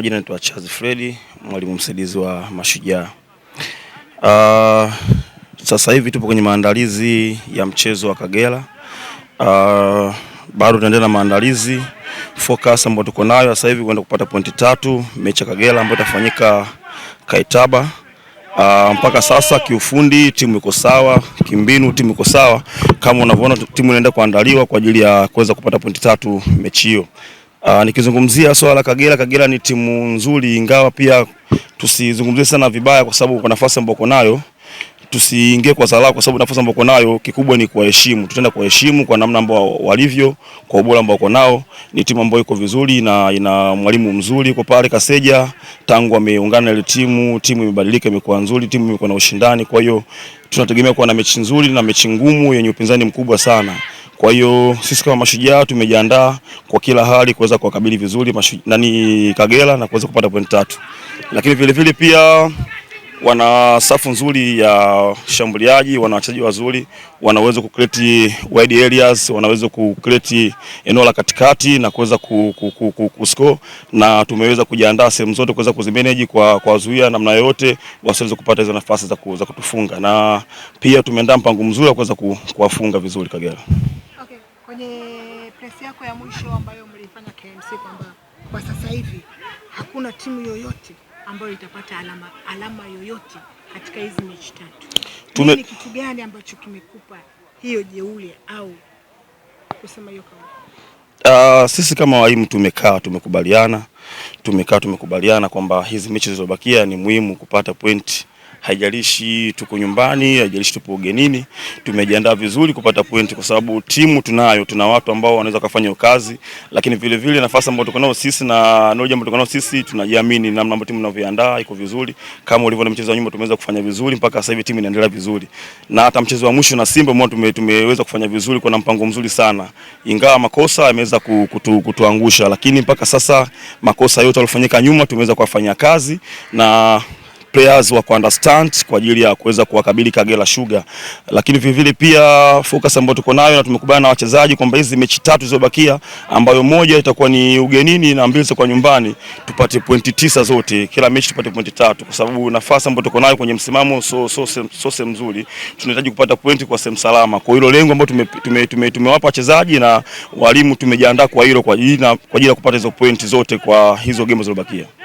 majina naitwa Charles Fredi, mwalimu msaidizi wa Mashujaa. Uh, sasa hivi tupo kwenye maandalizi ya mchezo wa Kagera. Uh, bado tunaendelea na maandalizi, focus ambayo tuko nayo sasa hivi kwenda kupata pointi tatu mechi ya Kagera ambayo itafanyika Kaitaba. Uh, mpaka sasa kiufundi timu iko sawa, kimbinu timu iko sawa, kama unavyoona timu inaenda kuandaliwa kwa ajili ya kuweza kupata pointi tatu mechi hiyo. Aa, ah, nikizungumzia swala la Kagera, Kagera ni timu nzuri, ingawa pia tusizungumzie sana vibaya, kwa sababu kwa nafasi ambayo uko nayo tusiingie kwa salaa, kwa sababu nafasi ambayo uko nayo kikubwa ni kuwaheshimu. Tutaenda kuwaheshimu kwa namna ambao walivyo, kwa ubora ambao uko nao. Ni timu ambayo iko vizuri na ina mwalimu mzuri kwa pale Kaseja, tangu ameungana na ile timu, timu imebadilika, imekuwa nzuri, timu imekuwa na ushindani. Kwa hiyo tunategemea kuwa na mechi nzuri na mechi ngumu yenye upinzani mkubwa sana. Kwa hiyo sisi kama Mashujaa tumejiandaa kwa kila hali kuweza kuwakabili vizuri nani Kagera na kuweza kupata point tatu, lakini vilevile pia wana safu nzuri ya shambuliaji, wana wachezaji wazuri, wana uwezo kucreate wide areas, wana uwezo kucreate eneo la katikati na kuweza kuscore, na tumeweza kujiandaa sehemu zote kuweza kuzimanage kwa kuwazuia namna yoyote wasiweze kupata hizo nafasi za kutufunga, na pia tumeandaa mpango mzuri wa kuweza kuwafunga vizuri Kagera kwenye pesi yako ya mwisho ambayo mlifanya KMC kwamba kwa sasa hivi hakuna timu yoyote ambayo itapata alama, alama yoyote katika hizi mechi tatu. Tume... ni kitu gani ambacho kimekupa hiyo jeuri au kusema hiyo kauli? Uh, sisi kama waimu tumekaa tumekubaliana tumekaa tumekubaliana kwamba hizi mechi zilizobakia ni muhimu kupata pointi haijalishi tuko nyumbani, haijalishi tupo ugenini, tumejiandaa vizuri kupata pointi, kwa sababu timu tunayo, tuna watu ambao wanaweza kufanya kazi, lakini vile vile nafasi ambayo tuko nayo sisi na knowledge ambayo tuko nayo sisi, tunajiamini namna ambayo timu inavyoandaa iko vizuri. Kama ulivyoona mchezo wa nyuma tumeweza kufanya vizuri mpaka sasa hivi timu inaendelea vizuri, na hata mchezo wa mwisho na Simba mwa tume, tumeweza kufanya vizuri kwa mpango mzuri sana, ingawa makosa yameweza kutu, kutuangusha, lakini mpaka sasa makosa yote yaliyofanyika nyuma tumeweza kuyafanyia kazi na players wa ku understand kwa ajili ya kuweza kuwakabili Kagera Sugar, lakini vile pia focus ambayo tuko nayo na tumekubaliana na wachezaji kwamba hizi mechi tatu zilizobakia, ambayo moja itakuwa ni ugenini na mbili zitakuwa nyumbani, tupate pointi tisa zote, kila mechi tupate pointi tatu, kwa sababu nafasi ambayo tuko nayo kwenye msimamo so so so so mzuri, tunahitaji kupata pointi kwa sehemu salama. Kwa hilo lengo ambalo tumewapa tume, tume, tume tume wachezaji na walimu tumejiandaa kwa hilo kwa ajili kwa ajili ya kupata hizo pointi zote kwa hizo game zilizobakia.